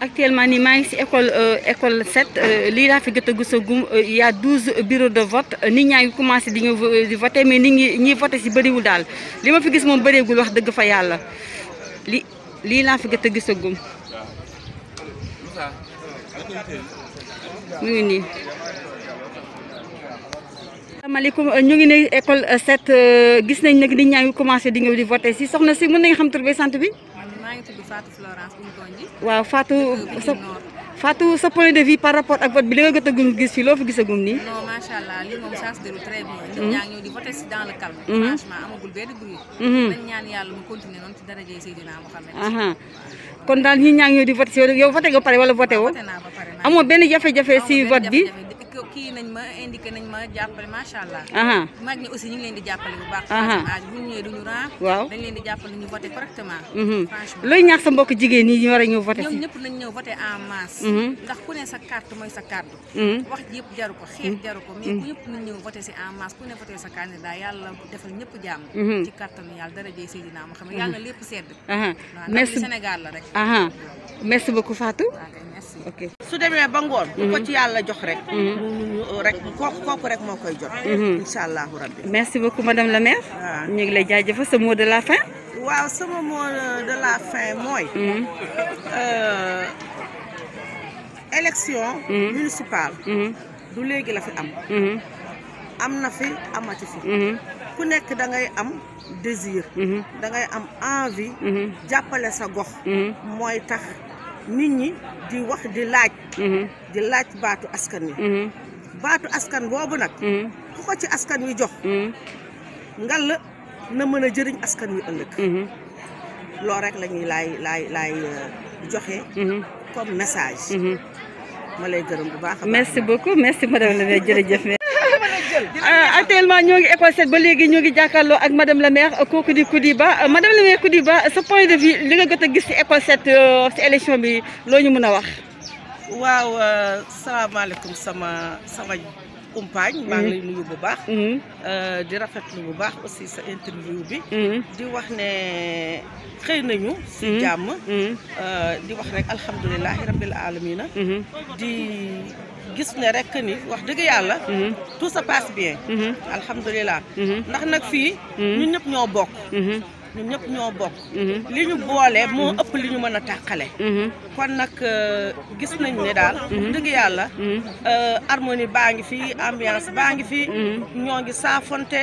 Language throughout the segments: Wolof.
actuellement nii maa ngi ci école euh, école 7 euh, lii laa fi gët a gis euh, a gum il de vote nit ñaa ngi commencé di ñu di mais nit ñi ñiy voté ci bëriwul daal li ma fi gis moom bëreegul wax dëgg fa yàlla li lii laa fi gët a gis mu ngi nii Assalamualaikum, euh, ñu ngi ne école 7 euh, euh, gis nañ nag nit ñaa commencé di ñëw di voté si soxna si mën nañ xam tur be sant bi. maa ngi tudd Fatou Florence Oumy Fatou sa point de vue par rapport ak vote bi li nga gët a gum gis fii loo non macha allah se déroule très bien. Mhm. di dans le calme. Mhm. franchement amagul benn bruit. dañ mhm. ñaan yàlla mu continuer noonu kon di si yow nga wala benn vote bi kii nañ ma indiqué nañ ma jàppale macha allah. mag ñi aussi ñu ngi leen di jàppale bu baax. âge bu ñu ñëwee duñu rang. waaw dañ leen di jàppale ñu voté correctement. Mhm. franchement looy ñaax sa mbokk jigéen ñi ñu war a ñëw voté. ñoom ñëpp nañ ñëw voté en masse. Mhm. ndax ku ne sa carte mooy sa carte. Mhm. wax ji yëpp jaru ko xeex jaru ko mais ku ñëpp nañ ñëw voté si en masse ku ne voté sa candidat yàlla defal ñëpp jàmm. ci kàttanu yàlla dara jëy Seydina Mouhamed yàlla lépp sedd. merci Sénégal la rek. merci beaucoup Fatou. si su demee ba ngoon bu ko mm-hmm. ci yàlla jox rek mm-hmm. uh, rek kooku rek moo koy jot mm-hmm. incha allahu rabbi merci beaucoup madame la maire ah. ñu ngi lay jaajëfal sa mot de la fin waaw de la fin mooy euh, élection municipale du léegi la fi am am na fi amati fi ku nekk da ngay am désir dangay am envie jàppale sa gox mooy tax nit ñi di wax di laaj. Mm-hmm. di laaj baatu askan wi. Mm-hmm. baatu askan boobu nag. Mm-hmm. ku ko ci askan wi jox. ngal na mën a jëriñ askan wi ëllëg. loolu rek lañuy ñuy laay laay laay euh, joxe. comme message. ma lay gërëm bu baax a baax merci beaucoup merci madame la maire jërëjëf. Euh, actuellement ñoo ngi école set ba léegi ñoo ngi jàkkaarloo ak madame la maire euh, kooku di Koudiba euh, madame la maire Koudiba sa point de vue li nga gët a gis ci école set ci élection bi loo ñu mën a wax. waaw salaamaaleykum sama sama compagne. Mm-hmm. maa ngi lay nuyu bu baax. Mm-hmm. di rafetlu bu baax aussi sa interview bi. Mm-hmm. di wax ne xëy nañu. si jàmm. di wax rek alhamdulilah rabil alamina. di. gis ne rek ni wax dëgg yàlla. Mhm. tout se passe bien. Mhm. alhamdulilah. Mhm. ndax nag fii. ñun ñëpp ñoo bokk. ñun ñëpp ñoo bokk mhm. li ñu boole moo ëpp li ñu mën a tàqale mhm. kon nag euh, gis nañ ne daal mhm. dëgg yàlla euh, harmonie baa fi ambiance baa ngi fi ñoo ngi saafonte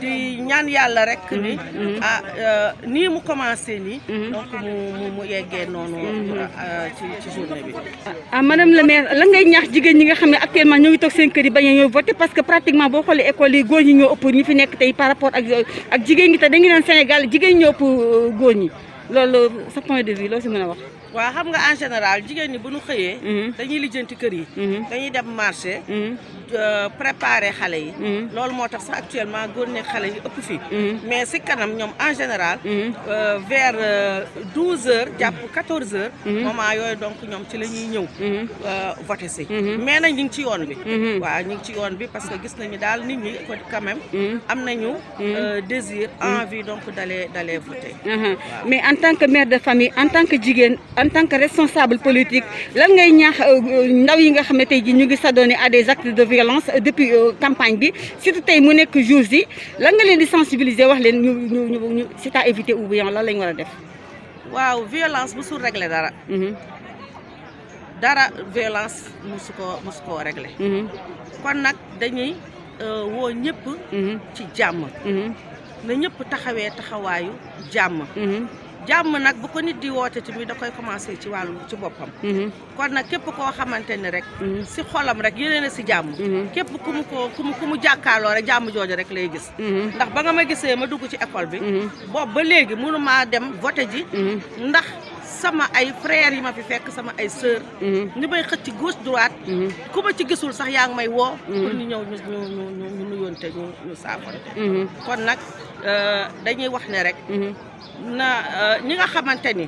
di ñaan yàlla rek ni ah euh, nii mu commencé nii donc mu mu mu yeggee noonu ci ci journée bi ah madame le maire la ngay ñaax jigéen ñi nga xam ne actuellement ñoo ngi toog seen kër yi bañ a ñëw parce que pratiquement boo xoolee école yi góor ñi ñoo ëpp ñi fi nekk tey par rapport ak ak jigéen ñi te da ngi naan Sénégal jigéen ñëpp góor ñi loolu sa point de vue loo si wax. waaw xam nga en général jigéen ñi bu ñu xëyee mhm. dañuy lijjanti kër yi mhm. dañuy dem marché mhm. euh, préparer xale yi loolu moo tax sax actuellement góor ne xale yi ëpp fi. mais si kanam ñoom en général euh, vers euh, douze heures jàpp quatorze heures moment yooyu donc ñoom ci la ñuy ñëw voter si mais nag ñu ngi ci yoon bi waaw ñu ngi ci yoon bi parce que gis nañu daal nit ñi quand même am nañu désir envie donc d'aller d'aller voter mais en tant que mère de famille en tant que jigéen en tant que responsable politique lan ngay ñaax euh, euh, ndaw yi nga xamné tay ji ñu ngi s'adonner à des actes de violence euh, depuis campagne bi surtout tay mu nek jours yi lan nga leen di sensibiliser wax leen ñu ñu ñu c'est à éviter ou bien lan lañ wara def. waaw violence bu su régler dara. Mhm. dara violence musu koo musu koo régler. Mhm. kon nag dañuy woo ñëpp. Mhm. ci jàmm. na ñëpp taxawee taxawaayu jàmm. jàmm nag bu ko nit di woote tamit da koy commencé ci wàllu ci boppam mhm. kon nag képp koo xamante ni rek mhm. si xolam rek yéene na si jàmm mhm. képp ku mu ko ku mu ku mu jàkkaaloo rek jàmm jooju rek lay gis ndax ba nga ma gisee ma dugg ci école bi boobu ba léegi mënu maa dem voté ji ndax sama ay frères yi ma fi fekk sama ay sœurs. ñu mhm. may xëcc ci gauche droite. Mhm. ku ma ci gisul sax yaa ngi may woo. Mhm. pour ñu ñëw ñu ñu ñu ñu nuyoonte ñu ñu saafonte. kon nag euh, dañuy wax ne rek. na euh, ñi nga xamante ni.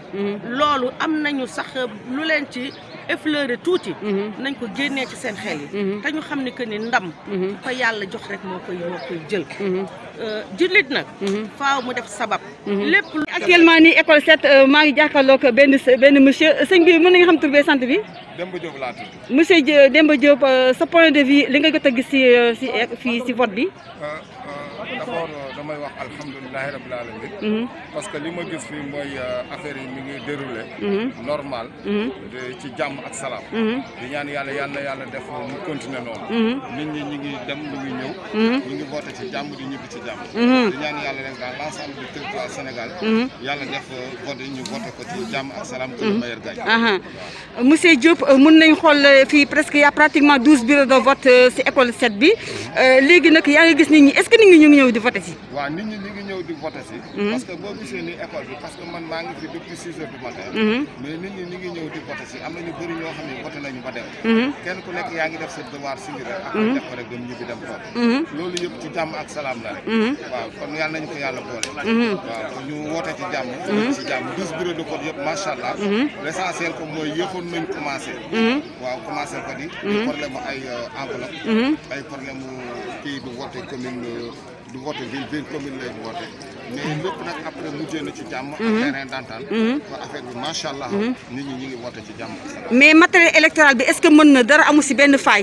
loolu am nañu sax lu leen ci. effleuré tuuti mhm. nañ ko génnee ci seen xel yi mhm. te xam ne que ni ndam bu mhm. yàlla jox rek moo koy moo koy jël euh, jullit nag faaw mu def sabab lépp lu actuellement nii école sept euh, maa ngi jàkkaarloog benn benn monsieur euh, sëñ bi mën nañu xam tur bi sant bi Demba Diop laa tudd monsieur Demba sa point de vue li nga jot a gis si si fii si vote bi d'abord euh, damay wax alhamdulilahi rabil alamin mhm. parce que li euh, mhm. normal mhm. ci jam ak salaam di ñaan yàlla yal na def mu continuer noonu nit ñi ñi ngi dem ñu ngi ñëw ñu ngi voté ci jàmm di ñibbi ci di ñaan rek dans l'ensemble du territoire Sénégal def euh, ñu ko ci ak le meilleur gagne monsieur Diop mën nañ xool fii presque y pratiquement douze bureaux de vote si école 7 bi léegi nag yaa ngi gis nit ñi est ce que nit ñi ñu ngi ñëw di voté si waaw nit ñi ñi ngi ñëw di voté si mm-hmm. parce que boo gisee ni école bi parce que man maa ngi fi depuis six heures du matin mm-hmm. mais nit ñi ñi ngi ñëw di voté si am na ñu bëri ñoo xam ne voté nañu ba dem mm-hmm. kenn ku nekk yaa ngi def sa devoir si ngi rek après def ko rek dem ñibbi dem toog loolu yëpp ci jàmm ak salaam la rek waaw kon yàlla nañu ko yàlla boole waaw ñu woote ci jàmm ci jàmm douze bureau de vote yëpp macha l'essentiel ko mooy yëppoon nañ commencé waaw commencé ko di problème ay euh, enveloppe ay problème kii du vote commune euh, du voté ville ville commune lay du voté mais lépp nag après mujjee ci jàmm. Mhm. terrain d'entente. Mhm. ba affaire bi macha allah. Mhm. nit ñi ñu ngi voté ci jàmm. mais matériel électoral bi est-ce que mën na dara amul si benn faay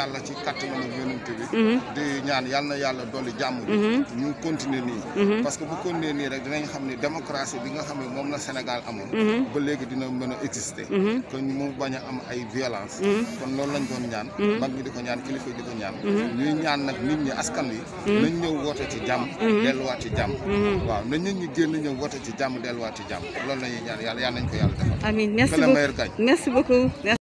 yàlla ci kattanu yonent bi mhm. di ñaan yal na yàlla dolli jàmm bi mhm. ñu continuer nii mhm. parce que bu continuer nii rek dinañ xam ne démocratie bi nga xam ne moom la Sénégal amoon ba léegi dina mën a exister que mu bañ a am ay violence kon loolu lañ doon ñaan mag ñi di ko ñaan kilifa di ko ñaan ñuy ñaan nag nit ñi askan wi nañ ñëw woote ci jàmm delluwaat ci jàmm waaw na nit ñi génn ñëw woote ci jàmm delluwaat ci jàmm loolu la ñuy ñaan yàlla yàlla nañ ko yàlla defal amiin